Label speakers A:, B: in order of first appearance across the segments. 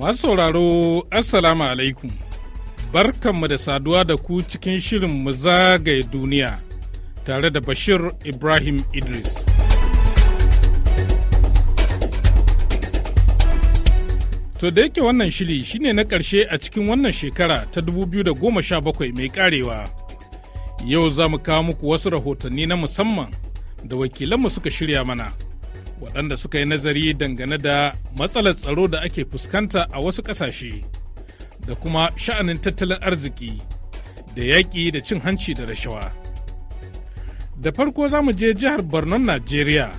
A: Masu sauraro, Assalamu alaikum. Barkanmu da saduwa da ku cikin shirin mu zagaye duniya tare da Bashir Ibrahim Idris. To da yake wannan shiri shine na ƙarshe a cikin wannan shekara ta 2017 mai ƙarewa. Yau za mu kawo muku wasu rahotanni na musamman da wakilanmu suka shirya mana. waɗanda suka yi nazari dangane da matsalar tsaro da ake fuskanta a wasu ƙasashe da kuma sha'anin tattalin arziki da yaƙi da cin hanci da rashawa. Da farko za mu je jihar Barnon Najeriya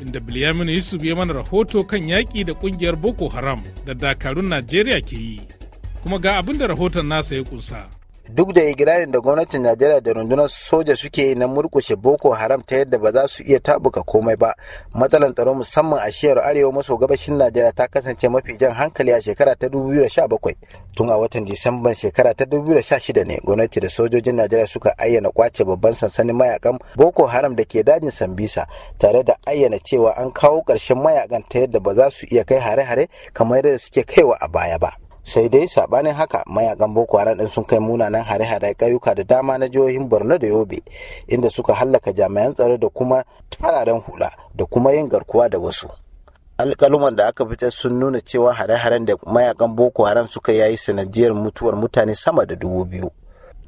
A: inda Bilyaminu Yusuf ya mana rahoto kan yaƙi da ƙungiyar Boko Haram da dakarun Najeriya ke yi, kuma ga abin da rahoton nasa ya ƙunsa.
B: duk da igirarin da gwamnatin najeriya da rundunar soja suke yi na murkushe boko haram ta yadda ba za su iya tabuka komai ba matsalar tsaro musamman a shiyar arewa maso gabashin najeriya ta kasance mafi jan hankali a shekara ta 2017 tun a watan disamban shekara ta 2016 ne gwamnati da sojojin najeriya suka ayyana kwace babban sansanin mayakan boko haram da ke dajin sambisa tare da ayyana cewa an kawo ƙarshen mayakan ta yadda ba za su iya kai hare-hare kamar yadda suke kaiwa a baya ba sai dai sabanin haka mayakan boko haram din sun kai munanan hare-hare kayuka da dama na jihohin borno da yobe inda suka hallaka jami'an tsaro da kuma fararen hula da kuma yin garkuwa da wasu alkaluman da aka fitar sun nuna cewa hare-haren da mayakan boko haram suka yayi sanadiyar mutuwar mutane sama da dubu biyu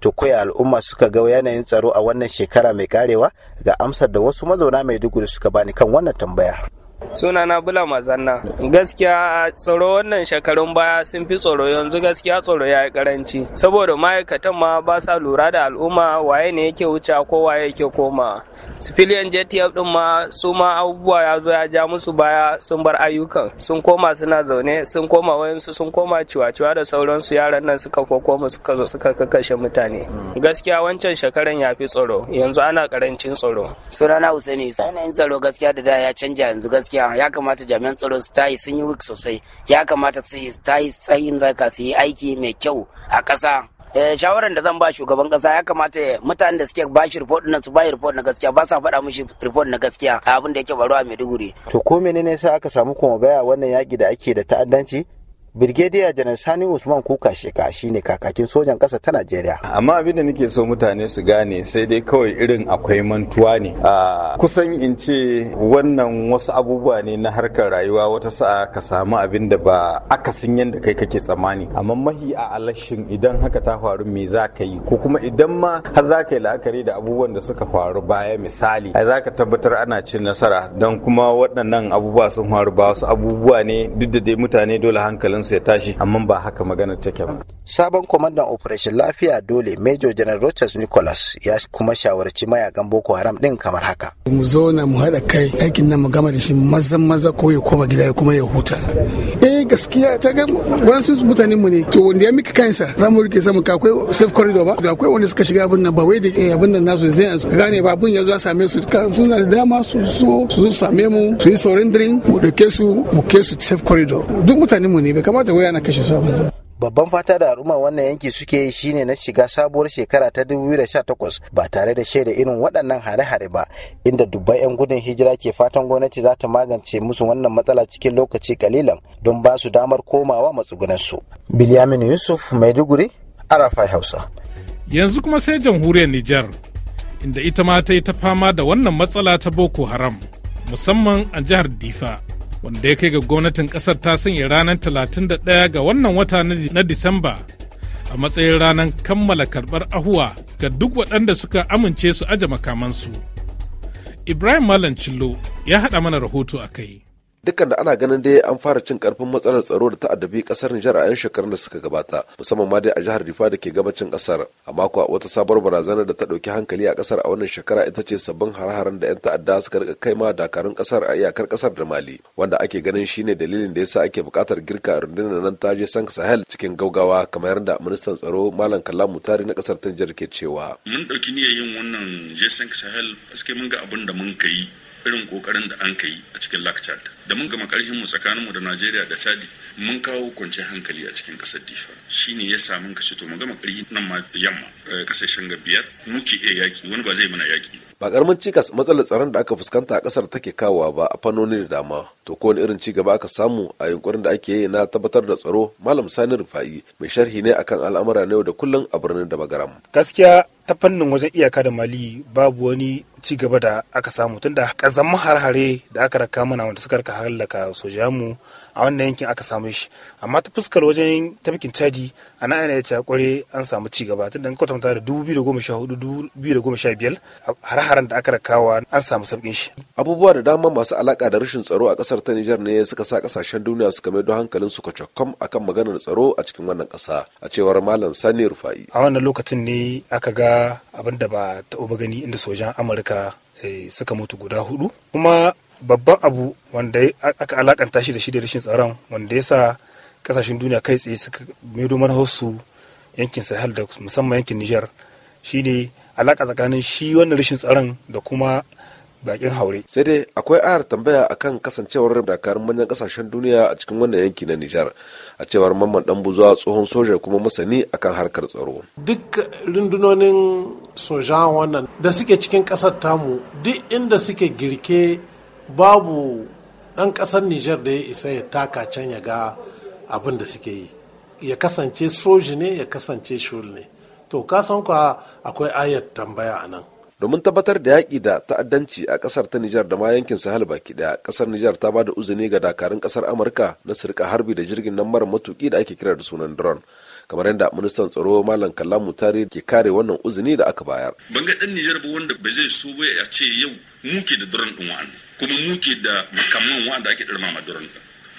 B: to koya al'umma suka ga yanayin tsaro a wannan shekara mai karewa ga amsar da wasu mazauna mai maiduguri suka bani kan wannan tambaya
C: suna na bula mazanna gaskiya tsaro wannan shekarun baya sun fi tsaro yanzu gaskiya tsaro ya yi karanci saboda ma'aikatan ma ba sa lura da al'umma waye ne yake wuce ko waye yake koma civilian jtf din ma su ma abubuwa ya zo ya ja musu baya sun bar ayyukan sun koma suna zaune sun koma wayansu sun koma ciwa-ciwa da sauransu yaran nan suka kokoma suka zo suka kakkashe mutane gaskiya wancan shekaran ya fi tsaro
D: yanzu ana karancin tsaro
E: sunana usaini yanayin tsaro gaskiya da da ya canja yanzu gaskiya gaskiya ya kamata jami'an tsaro su tayi sun yi wik sosai ya kamata su tayi tsayin zaka su yi aiki mai kyau a ƙasa eh, shawaran da zan ba shugaban kasa ya kamata mutanen da suke ba shi report na su ba report na gaskiya ba sa faɗa mishi report na gaskiya abin da yake faruwa a Maiduguri
B: to ko menene sai aka samu kuma baya wannan yaki da ake da ta'addanci Birgediya Janar Sani Usman Kuka Sheka ne kakakin sojan ƙasa ta Najeriya.
F: Amma abin da nake so mutane su gane sai dai kawai irin akwai mantuwa ne. kusan in ce wannan wasu abubuwa ne na harkar rayuwa wata sa'a ka samu abin da ba aka akasin yadda kai kake tsammani. Amma mahi a alashin idan haka ta faru me za ka yi ko kuma idan ma har za ka yi la'akari da abubuwan da suka faru baya misali ai za ka tabbatar ana cin nasara don kuma waɗannan abubuwa sun faru ba wasu abubuwa ne duk da dai mutane dole hankalin su ya tashi amma ba haka magana take ba.
B: Sabon kwamandan operation lafiya dole Major General Rochas Nicholas ya kuma shawarci mayakan Boko Haram din kamar haka.
F: Mu zo na mu haɗa kai aikin nan mu gama da shi mazan maza ko ya koma gida kuma ya huta. Eh gaskiya ta ga wasu mutanen mu ne to wanda ya miki kansa za mu rike samu akwai safe corridor ba da akwai wanda suka shiga abin nan ba wai da eh, abin nan nasu zai su gane ba abin ya zo same su kan suna da dama su so su zo same mu su yi surrendering mu dauke su mu ke su safe corridor duk mutanen mu ne bai kamata wai ana kashe su a banza
B: babban fata da al'umma wannan yanki suke yi shine na shiga sabuwar shekara ta 2018 ba tare da shaida irin waɗannan hare-hare ba inda dubban 'yan gudun hijira ke fatan gwamnati za ta magance musu wannan matsala cikin lokaci kalilan don ba su damar komawa su. Bilyamin Yusuf Maiduguri, Arafai Hausa.
A: Yanzu kuma sai
B: jamhuriyar Nijar, inda
A: ita ma ta yi ta fama da wannan matsala ta Boko Haram, musamman a jihar Difa. wanda ya kai ga gwamnatin kasar ta sanya ranar 31 ga wannan wata na disamba a matsayin ranar kammala karbar ahuwa ga duk waɗanda suka amince su aje makamansu ibrahim malam cillo ya haɗa mana rahoto a kai
G: dukkan da ana ganin dai an fara cin karfin matsalar tsaro da ta'addabi kasar Nijar a 'yan shekarun da suka gabata musamman ma dai a jihar Rifa da ke gabacin kasar amma kuwa wata sabuwar barazanar da ta dauki hankali a kasar a wannan shekara ita ce sabbin har haren da 'yan ta'adda suka rika kai ma dakarun kasar a iyakar kasar da Mali wanda ake ganin shine dalilin da yasa ake bukatar girka rundunar nan ta je Sank Sahel cikin gaugawa kamar yadda ministan tsaro Malam Kallam Mutari na kasar ta Nijar ke cewa
F: mun dauki niyyar yin wannan je Sank Sahel aske mun ga abin da mun kai irin kokarin da an ka yi a cikin lakchad da mun gama karhin mu tsakanin mu da najeriya da chadi mun kawo kwanciyar hankali a cikin kasar difa shine ya samu ka to mun gama karhi nan ma yamma eh, kasashen ga biyar muke iya yaki wani ba zai mana yaki
G: ba karamin cikas matsalar tsaron da aka fuskanta a kasar take kawowa ba a fannoni da dama to ko wani irin cigaba aka samu a yunkurin da ake yi na tabbatar da tsaro malam sani rufa'i mai sharhi ne akan al'amura na yau da kullum a birnin da magaram
D: gaskiya ta fannin wajen iyaka da mali babu wani ci gaba da aka samu tunda kazan har-hare da aka raka mana wanda suka halaka sojamu a wannan yankin aka samu shi amma ta fuskar wajen tafkin chadi a aina ana yace kware an samu ci gaba da in kwatanta da 2014 2015 har-haren da aka rakawa an samu saukin shi
G: abubuwa da dama masu alaka da rashin tsaro a kasar ta Nijar ne suka sa kasashen duniya suka maido hankalin su a akan maganar tsaro a cikin wannan kasa a cewar malam Sani Rufai
D: a wannan lokacin ne aka ga abin da ba ta gani inda sojan Amurka eh, suka mutu guda hudu kuma babban abu wanda aka alakanta shi da shi da rashin tsaron wanda ya sa kasashen duniya kai tsaye suka maido manhajarsu yankin sahel da musamman yankin niger shine alaka tsakanin shi wannan rashin tsaron da kuma bakin haure.
G: Sai dai akwai ayar tambaya akan kasancewar dakarun manyan kasashen duniya a cikin wannan yanki na Nijar a cewar mamman dan buzuwa tsohon soja kuma masani akan harkar tsaro.
A: Duk rundunonin soja wannan da suke cikin kasar tamu duk inda suke girke babu ɗan ƙasar nijar da ya isa ya taka can ya ga abin da suke yi ya kasance soji ne ya kasance shul ne to kasan kwa akwai ayat tambaya a nan domin
G: tabbatar da yaƙi da ta'addanci a ƙasar ta Nijar da ma yankin Sahel baki ɗaya ƙasar Nijar ta ba da uzuni ga dakarun ƙasar Amurka na sirka harbi da jirgin nan mara matuƙi da ake kira da sunan drone kamar yadda ministan tsaro malam kalamu mutare ke kare wannan uzini da aka bayar
F: ban ga dan Nijar ba wanda ba zai so ba a ce yau muke da duran din wa'an kuma muke da makamman wa'anda ake dirma ma duran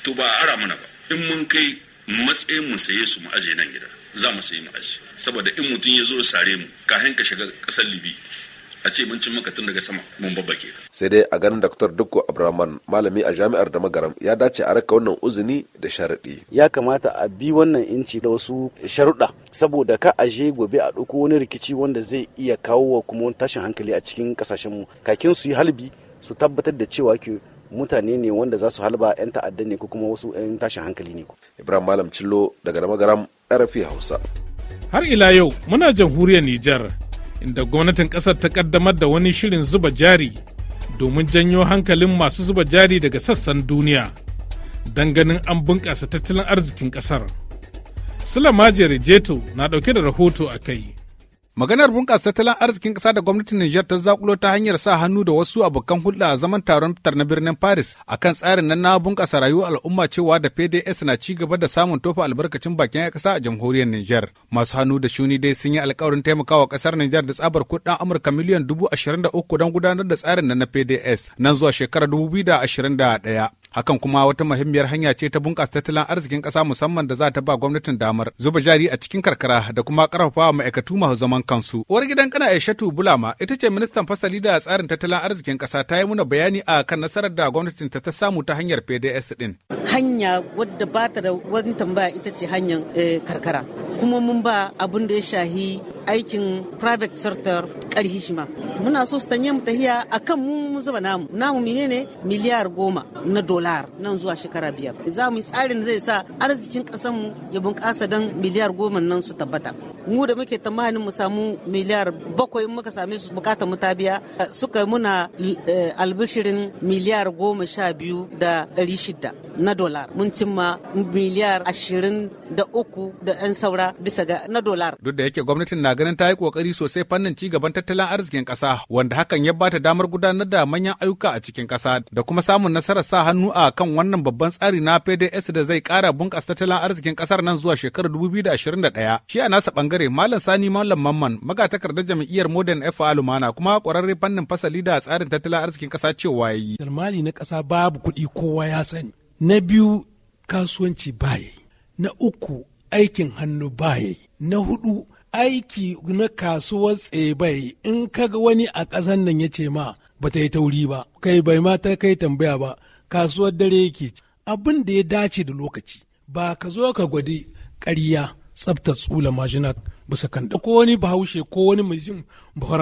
F: to ba ara mana ba in mun kai matsayin mu saye su mu aje nan gida za mu sayi mu aje saboda in mutum ya zo sare mu kahin ka shiga kasar Libi a ce mun cin maka tun daga sama mun babbake
G: sai dai a ganin Dr. Dukko Abraman malami a jami'ar da ya dace a raka wannan uzini da sharaɗi ya kamata a bi wannan inci da wasu sharuɗa saboda ka aje gobe a ɗauko wani rikici wanda zai iya kawo wa kuma tashin hankali a cikin kasashen mu kakin su yi halbi su tabbatar da cewa ke mutane ne wanda za su halba 'yan ta'adda ne ko kuma wasu 'yan tashin hankali ne. Ibrahim Malam Cillo daga damagaram RFI
A: Hausa. Har ila yau muna jamhuriyar Nijar inda gwamnatin ƙasar ta ƙaddamar da wani shirin zuba jari domin janyo hankalin masu zuba jari daga sassan duniya don ganin an bunƙasa tattalin arzikin ƙasar. Sula Majere
F: Jeto na ɗauke da rahoto a kai. Maganar bunƙasa tattalin arzikin ƙasa da gwamnatin Nijar ta zakulo ta hanyar sa hannu da wasu abokan hulɗa a zaman taron fitar na birnin Paris akan tsarin nan na bunƙasa rayuwar al'umma cewa da PDS na ci gaba da samun tofa albarkacin bakin ya ƙasa a jamhuriyar Nijar. Masu hannu da shuni dai sun yi alƙawarin taimakawa ƙasar Nijar da tsabar kuɗin Amurka miliyan dubu ashirin da uku don gudanar da tsarin nan na PDS nan zuwa shekarar dubu biyu da ashirin da ɗaya. Hakan kuma wata muhimmiyar hanya ce ta bunƙasa tattalin arzikin ƙasa musamman da za ta ba gwamnatin damar zuba jari a cikin karkara da kuma ƙarfafawa ma'aikatu masu zaman kansu. Uwar gidan kana Aishatu Bulama ita ce ministan fasali da tsarin tattalin arzikin ƙasa ta yi muna bayani a kan nasarar da gwamnatin ta ta samu ta hanyar PDS din.
E: Hanya wadda ba ta da wani tambaya ita ce hanyar eh, karkara. Kuma mun ba abin da ya shahi aikin private sector karhi shi ma muna so su tanye mu tahiya akan mu mun zuba namu namu menene miliyar goma na dolar nan zuwa shekara biyar za mu yi tsarin da zai sa arzikin ƙasar mu ya bunƙasa don miliyar goma nan su tabbata mu da muke tamanin mu samu miliyar bakwai muka same su bukatar mu ta biya suka muna eh, albishirin miliyar goma sha biyu da ɗari shida na dolar mun cimma miliyar ashirin da uku da 'yan saura bisa ga na dolar
F: duk da yake gwamnatin na ganin ta yi kokari sosai fannin ci gaban tattalin arzikin kasa wanda hakan ya bata damar gudanar da manyan ayyuka a cikin kasa da kuma samun nasarar sa hannu a kan wannan babban tsari na PDS da zai kara bunƙasa tattalin arzikin ƙasar nan zuwa shekarar 2021. Shi a nasa bangare Malam Sani Malam Mamman magatakardar jam'iyyar Modern FA Lumana kuma ƙwararre fannin fasali da tsarin tattalin arzikin kasa cewa ya yi.
A: Dalmali na kasa babu kuɗi kowa ya sani. Na biyu kasuwanci baye Na uku aikin hannu baye Na hudu aiki na kasuwar tsebai in kaga wani a ƙasan nan ya ce ma ba ta yi tauri ba kai bai ma ta kai tambaya ba kasuwar dare yake abin da ya dace da lokaci ba ka zo ka gwadi ƙarya tsabta tsula mashina bisa kan ko wani bahaushe ko wani mai jin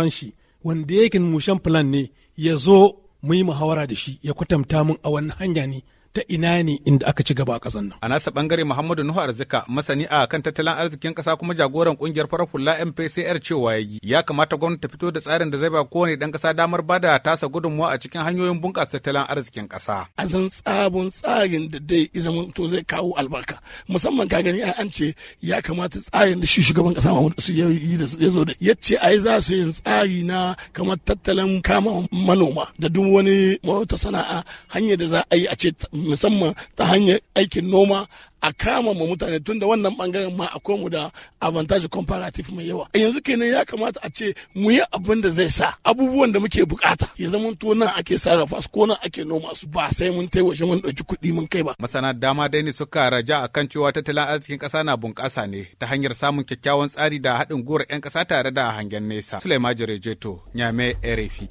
A: shi wanda yake mushen filan ne ya zo mu yi muhawara da shi ya kwatanta mun a wani hanya ne ta ina ne
F: inda aka ci gaba a ƙasar nan. A nasa ɓangare Muhammadu Nuhu Arzika masani a kan tattalin arzikin ƙasa kuma jagoran ƙungiyar farar hula MPCR cewa ya yi ya kamata gwamnati ta fito da tsarin da zai ba kowane ɗan ƙasa damar bada da tasa gudunmuwa a cikin hanyoyin bunƙasa tattalin arzikin ƙasa. A zan tsabon tsarin da dai izama to zai kawo albarka musamman ka gani an ce ya kamata tsarin da shi shugaban ƙasa Muhammadu su ya yi da ya zo da ya ce ai za su yin tsari na kamar tattalin kama manoma da duk wani mota sana'a hanyar da za a yi a ce musamman ta hanyar aikin noma a kama ma mutane tun da wannan bangaren ma akwai mu da avantage comparative mai yawa a yanzu kenan ya kamata a ce mu yi abin da zai sa abubuwan da muke bukata ya zama to nan ake sarrafa su ko nan ake noma su ba sai mun tai waje mun dauki kuɗi mun kai ba masana dama dai ne suka raja akan cewa tattalin arzikin ƙasa na bunƙasa ne ta hanyar samun kyakkyawan tsari da haɗin gwiwar 'yan ƙasa tare da hangen nesa Sulaiman Jerejeto Nyame Erefi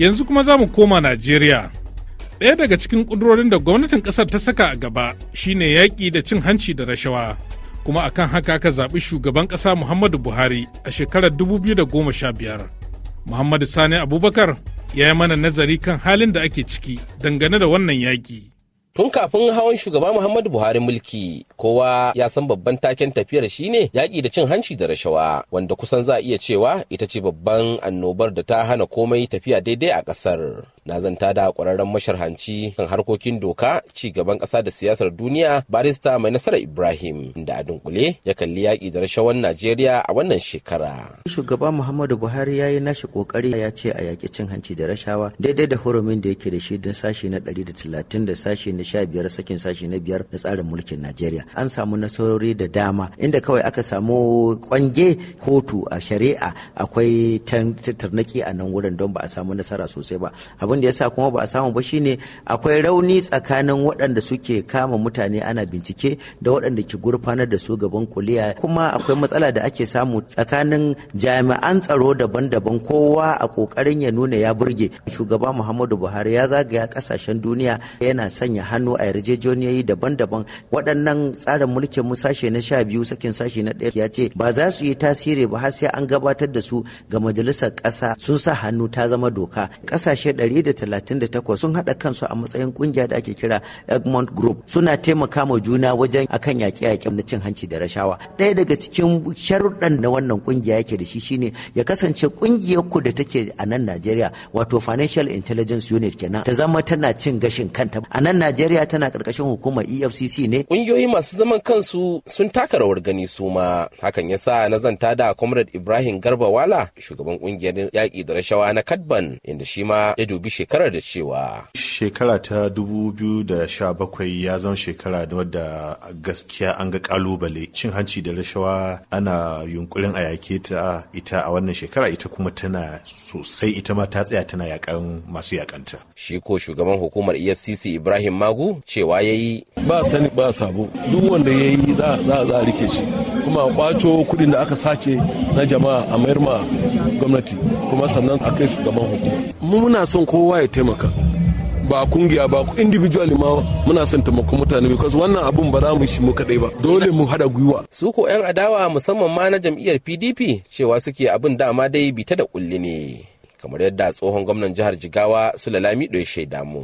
F: yanzu kuma za mu koma Najeriya
A: Ɗaya daga cikin ƙudurorin da gwamnatin ƙasar ta saka a gaba shine yaƙi da cin hanci da rashawa. Kuma akan haka aka zaɓi shugaban ƙasa Muhammadu Buhari a shekarar 2015. Muhammadu Sani Abubakar ya yi mana nazari kan halin da ake ciki dangane da wannan yaƙi. Tun
H: kafin hawan shugaba Muhammadu Buhari mulki, kowa ya san babban taken tafiyar shi ne yaƙi da cin hanci da rashawa, wanda kusan za a iya cewa ita ce babban annobar da ta hana komai tafiya daidai a ƙasar. na zanta da kwararren masharhanci kan harkokin doka ci gaban ƙasa da siyasar duniya barista mai nasara ibrahim da a dunkule ya kalli yaƙi da rashawan najeriya a wannan shekara
E: shugaba muhammadu buhari ya yi nashi kokari ya ce a yaƙi cin hanci da rashawa daidai da hurumin da yake da shi don sashi na ɗari da talatin da sashi na sha biyar sakin sashi na biyar na tsarin mulkin najeriya an samu nasarori da dama inda kawai aka samu kwange kotu a shari'a akwai tarnaki a nan wurin don ba a samu nasara sosai ba abin da ya sa kuma ba a samu ba shine akwai rauni tsakanin waɗanda suke kama mutane ana bincike da waɗanda ke gurfanar da su gaban kuliya kuma akwai matsala da ake samu tsakanin jami'an tsaro daban-daban kowa a ƙoƙarin ya nuna ya burge shugaba muhammadu buhari ya zagaya ƙasashen duniya yana sanya hannu a yarjejeniyoyi daban-daban waɗannan tsarin mulkin mu sashe na sha biyu sakin sashe na ɗaya ya ce ba za su yi tasiri ba har sai an gabatar da su ga majalisar ƙasa sun sa hannu ta zama doka ƙasashe ɗari 1938 sun haɗa kansu a matsayin kungiya da ake kira Egmont Group suna taimaka ma juna wajen akan yaƙe-yaƙe na cin hanci da rashawa. Ɗaya daga cikin sharuɗan na wannan kungiya yake da shi shine ya kasance kungiyar ku da take a nan Najeriya wato Financial Intelligence Unit kenan ta zama tana cin gashin kanta. A nan Najeriya tana ƙarƙashin hukumar EFCC ne. Ƙungiyoyi
H: masu zaman kansu sun taka rawar gani su ma hakan ya sa na zanta da Comrade Ibrahim Garba Wala shugaban ƙungiyar yaƙi da rashawa na Kadban inda shi ma ya dubi bi shekarar da cewa.
F: Shekara ta 2017 ya zama shekara wadda gaskiya an ga kalubale cin hanci da rashawa ana yunkurin a yake ta ita a wannan shekara ita kuma tana sosai ita ma ta tsaya tana yakan masu yakanta.
H: Shi ko shugaban hukumar EFCC Ibrahim Magu cewa ya yi. Ba sani ba sabo duk wanda ya yi za a rike shi. kuma a kwaco
G: kuɗin da aka sace na jama'a a mayar ma gwamnati kuma sannan a kai su gaban
H: hukuma muna son kowa ya taimaka ba kungiya ba individually ma muna son taimakon mutane because wannan abun ba za mu shi mu kadai ba dole mu hada gwiwa su ko yan adawa musamman ma na jam'iyyar PDP cewa suke abin dama dai bita da kulli ne kamar yadda tsohon gwamnan jihar Jigawa Sulalami Doye shaida mu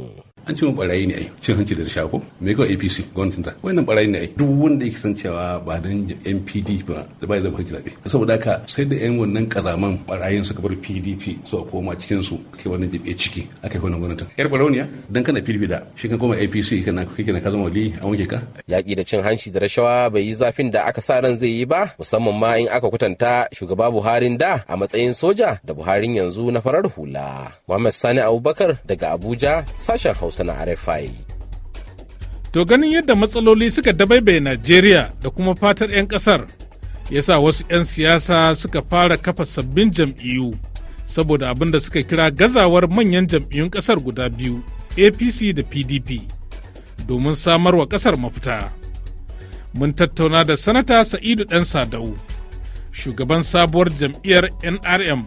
H: an ce mu barayi ne ai cin hanci da rashawa ko me kawai APC gwamnatin ta wannan barayi ne ai duk wanda yake san cewa ba dan NPD ba da bai zama hanci zabe saboda haka sai da yan wannan kazaman barayin suka bar PDP suka koma cikin su kai wannan jibe ciki aka yi wannan gwamnatin yar barauniya dan kana PDP da shi kan koma APC kana kai na kaza zama wali a wanke ka yaki da cin hanci da rashawa bai yi zafin da aka sa ran zai yi ba musamman ma in aka kwatanta shugaba Buharin da a matsayin soja da Buharin yanzu na farar hula Muhammad Sani Abubakar daga Abuja sashen Hausa Hausa na RFI.
A: To ganin yadda matsaloli suka dabaibaye Najeriya da kuma fatar 'yan ƙasar ya sa wasu 'yan siyasa suka fara kafa sabbin jam'iyyu saboda abin da suka kira gazawar manyan jam'iyyun ƙasar guda biyu APC da PDP domin samar wa ƙasar mafita. Mun tattauna da Sanata Sa'idu ɗan Sadau, shugaban sabuwar jam'iyyar NRM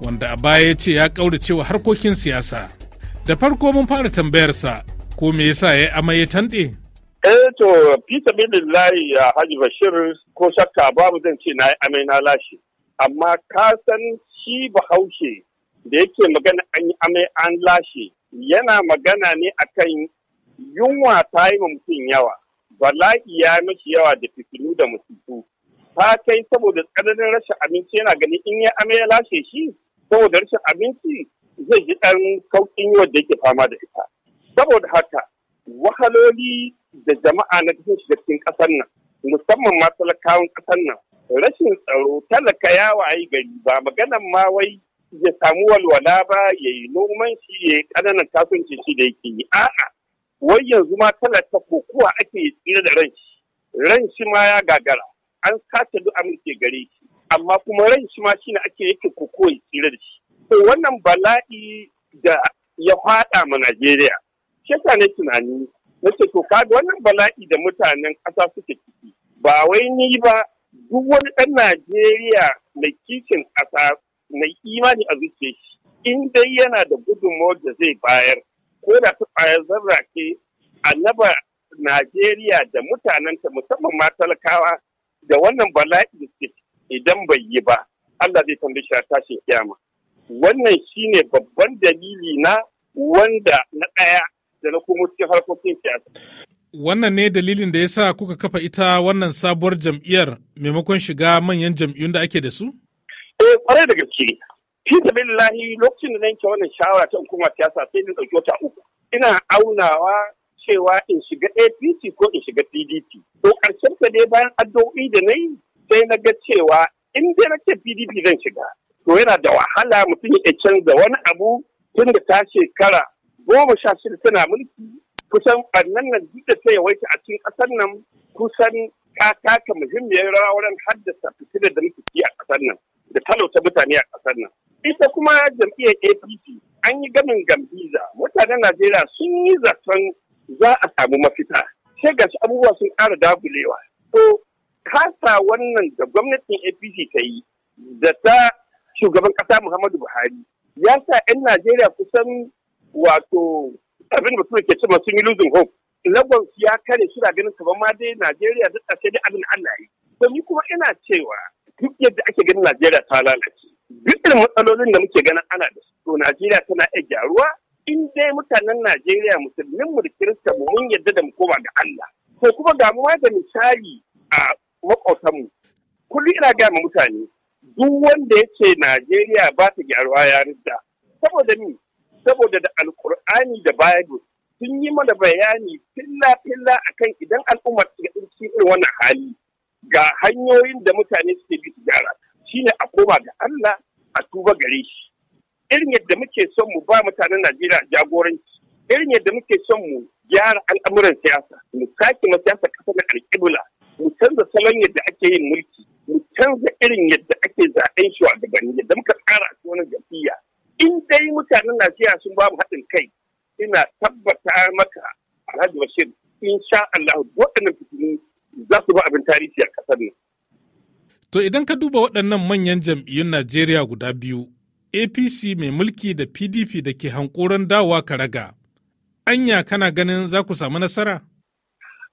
A: wanda a baya ya ce ya ƙaurace wa harkokin siyasa. Da farko mun fara tambayarsa ko me yasa ya amai ya tanɗe?
C: Eh to fita billahi ya Haji Bashir ko shakka babu zan ce na yi amai na lashe. Amma ka san shi bahaushe da yake magana an yi amai an lashe yana magana ne akan yunwa ta yi mutum yawa. Bala'i ya mashi yawa da fitilu da musulku. Ta kai saboda tsananin rashin abinci yana gani in ya amai ya lashe shi saboda rashin abinci zai ji ɗan sauƙin yau da yake fama da ita. Saboda haka wahaloli da jama'a na cikin shiga cikin ƙasar nan musamman ma talakawan ƙasar nan rashin tsaro talaka ya wayi gari ba maganan ma wai ya samu walwala ba ya yi noman shi ya yi ƙananan kasuwanci shi da yake yi a'a wai yanzu ma talaka ko kuwa ake tsira da ran shi ran shi ma ya gagara an sace duk amince gare shi amma kuma ran shi ma shi ne ake yake ya tsira da shi To wannan bala'i da ya faɗa ma Najeriya, shekara ne tunani, na ce to kaga wannan bala'i da mutanen ƙasa suke ciki, ba wai ni ba duk wani ɗan Najeriya mai kicin ƙasa mai imani a zuciya shi, in dai yana da gudunmawar da zai bayar, ko da ta ƙwayar zarra ke annaba Najeriya da mutanenta musamman ma talakawa da wannan bala'i da suke idan bai yi ba, Allah zai tambaye shi a tashin kiyama. wannan shine babban dalili na wanda na ɗaya da na kuma cikin harkokin siyasa.
A: Wannan ne dalilin da ya sa kuka kafa ita wannan sabuwar jam'iyyar maimakon shiga
C: manyan jam'iyyun da ake da su? Eh, kwarai da gaske. Fi da lahi lokacin da na yanke wannan shawara ta hukumar siyasa sai na ɗauki wata uku. Ina aunawa cewa in shiga APC ko in shiga PDP. To ƙarshen ka dai bayan addu'o'i da na yi sai na ga cewa in dai na ce PDP zan shiga. to yana da wahala mutum ya canza wani abu tun da ta shekara goma sha shida tana mulki kusan annan nan duk da ta yawaita a cikin ƙasar nan kusan ta taka muhimmiyar rawa wurin haddasa fitilar da muke a ƙasar nan da talauta mutane a ƙasar nan. Ita kuma jam'iyyar APC an yi gamin gambiza mutanen Najeriya sun yi zaton za a samu mafita. Sai abubuwa sun ƙara dagulewa. To kasa wannan da gwamnatin APC ta yi da ta shugaban ƙasa Muhammadu Buhari ya sa 'yan Najeriya kusan wato abin da ke cewa sun yi losing hope. Lagos ya kare suna ganin kamar ma dai Najeriya duk a sai abin Allah yi. To kuma ina cewa duk yadda ake ganin Najeriya ta lalace. Duk irin matsalolin da muke ganin ana da su. To Najeriya tana iya gyaruwa in dai mutanen Najeriya musulmin mu da Kirista mu mun yadda da mu koma ga Allah. Ko kuma damuwa da misali a makwautanmu. Kullum ina gaya ma mutane duk wanda ya ce Najeriya ba ta gyaruwa ya ridda. Saboda ni, saboda da Alkur'ani da Bible sun yi mana bayani filla-filla kan idan al'ummar ta cikin irin wannan hali ga hanyoyin da mutane suke bi su gyara shi ne a koma ga Allah a tuba gare shi. Irin yadda muke son mu ba mutanen Najeriya jagoranci, irin yadda muke son mu gyara al'amuran siyasa, mu sake ma siyasa ƙasar alƙibla, mu canza salon yadda ake yin mulki, canza irin yadda ake zaɓen shugabanni yadda muka tsara a wani jam'iyya in dai mutanen Najeriya sun babu haɗin kai ina tabbata maka Alhaji Bashir sha Allah waɗannan fitini za su ba abin tarihi a ƙasar nan. To
A: idan ka duba waɗannan manyan jam'iyyun Najeriya guda biyu APC mai mulki da PDP da ke hankoron dawowa raga, anya kana ganin za ku samu nasara?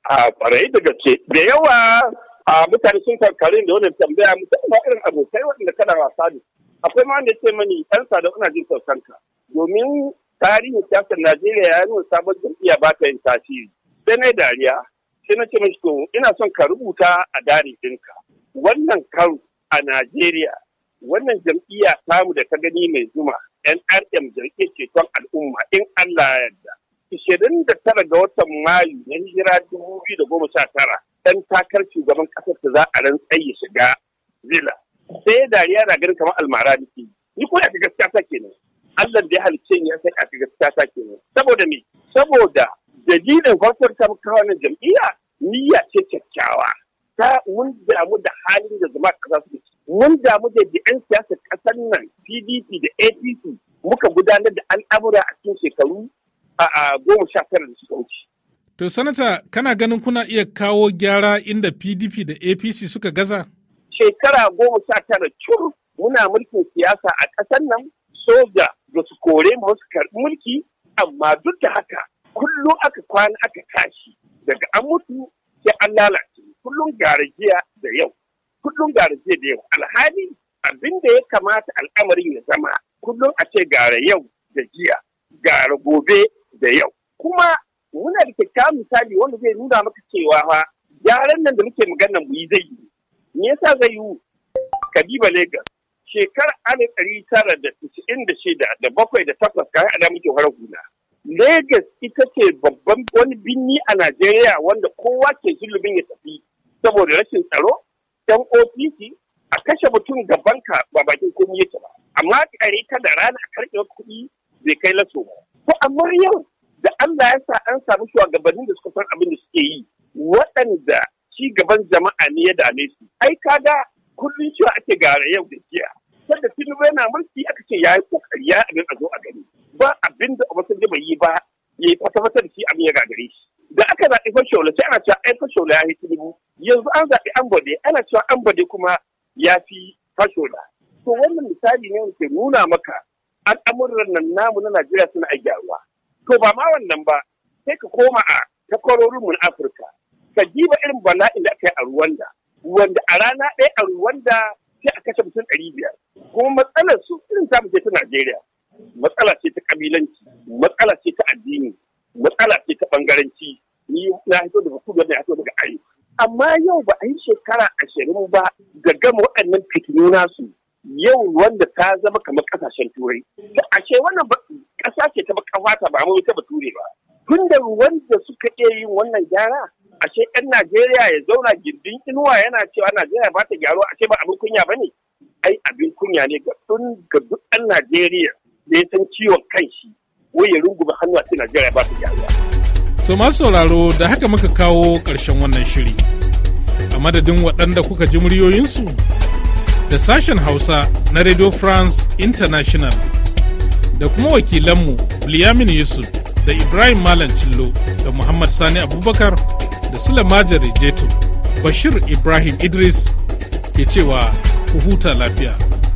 C: A ƙwarai da gaske, da yawa a mutane sun karkarin da wani tambaya musamman irin abokai waɗanda kana wasa ne akwai ma wanda ce mani 'yan sadau ina jin saukanka domin tarihin siyasar najeriya ya nuna sabon jam'iyya ba ta yin tasiri sai na dariya sai na ce mashi to ina son ka rubuta a dari ɗinka wannan karo a najeriya wannan jam'iyya samu da ka gani mai zuma nrm jam'iyyar ceton al'umma in allah ya yarda ishirin da tara ga watan mayu na hijira dubu biyu da goma sha tara ɗan takar shugaban ƙasar ta za a rantsai ya shiga zila sai dariya na ganin kamar almara ke. ni ko ya gaskiya ta kenan Allah da ya halicce ni ya sai aka gaskiya ta kenan saboda me saboda dalilin fasar ta kawo jam'iyya niyya ce kyakkyawa ta mun damu da halin da zama ƙasa su mun damu da yan siyasa ƙasar nan PDP da APC muka gudanar da al'amura a cikin shekaru a goma sha tara da suka wuce To sanata
A: kana ganin kuna iya kawo gyara inda PDP da APC suka gaza?
C: Shekara goma sha tara cur muna mulkin siyasa a ƙasar nan soja da su kore mu su karɓi mulki amma duk da haka kullum aka kwana aka tashi daga an mutu sai an lalace kullum garajiya da yau kullum garajiya da yau alhali abin da ya kamata al'amarin ya zama kullum a ce gara yau da jiya gara gobe da yau kuma muna da kyakkyawan misali wanda zai nuna maka cewa ma yaran nan da muke maganar mu yi zai yi me yasa zai yi kadiba Legas. shekar alif ɗari tara da tisa'in da shida da bakwai da takwas kayan ana muke fara hula lagos ita ce babban wani binni a najeriya wanda kowa ke zulubin ya tafi saboda rashin tsaro don ofisi a kashe mutum ga banka ba bakin komai yake ba amma ɗari ta da rana a karɓe kuɗi zai kai laso ba Ko amma yau da Allah ya sa an samu shugabannin da suka san abin da suke yi waɗanda ci gaban jama'a ne ya dame su ai kaga kullum cewa ake gara yau da jiya sanda Tinubu yana mulki aka ce ya yi kokari ya abin a zo a gani ba abin da Obasanjo bai yi ba ya yi fata-fata da shi abin ya gagare shi da aka zaɓi fashola sai ana cewa ai fashola ya yi Tinubu yanzu an zaɓi bade ana cewa bade kuma ya fi fashola to wannan misali ne ke nuna maka al'amuran nan namu na Najeriya suna a gyaruwa To ba ma wannan ba sai ka koma a takwarorin na Afirka. Ka ba irin bala'in da aka yi a Ruwanda. Wanda a rana ɗaya a Ruwanda sai a kashe mutum ɗari biyar. Kuma matsalar su irin ta ce ta Najeriya. Matsala ce ta kabilanci, matsala ce ta addini, matsala ce ta bangaranci. Ni na hito daga kudu na hito daga ayo. Amma yau ba a yi shekara ashirin ba ga gama waɗannan fitinu nasu. yau wanda ta zama kamar kasashen turai ashe wannan kasa ce ta makafata ba mu ta bature ba tun da wanda suka iya yin wannan gyara ashe yan najeriya ya zauna gindin inuwa yana cewa najeriya ba ta gyaro ashe ba abin kunya ba ne ai abin kunya ne ga tun ga duk yan najeriya da ya san ciwon shi ko ya rungume hannu a najeriya ba ta gyaro
A: to masu sauraro da haka muka kawo ƙarshen wannan shiri a madadin waɗanda kuka ji muryoyinsu da sashen Hausa na Radio France International da kuma wakilanmu Bliyamin Yusuf da Ibrahim Malam Cillo da Muhammad Sani Abubakar da sula Sulemajar Jetu Bashir Ibrahim Idris ke cewa
C: ku huta lafiya.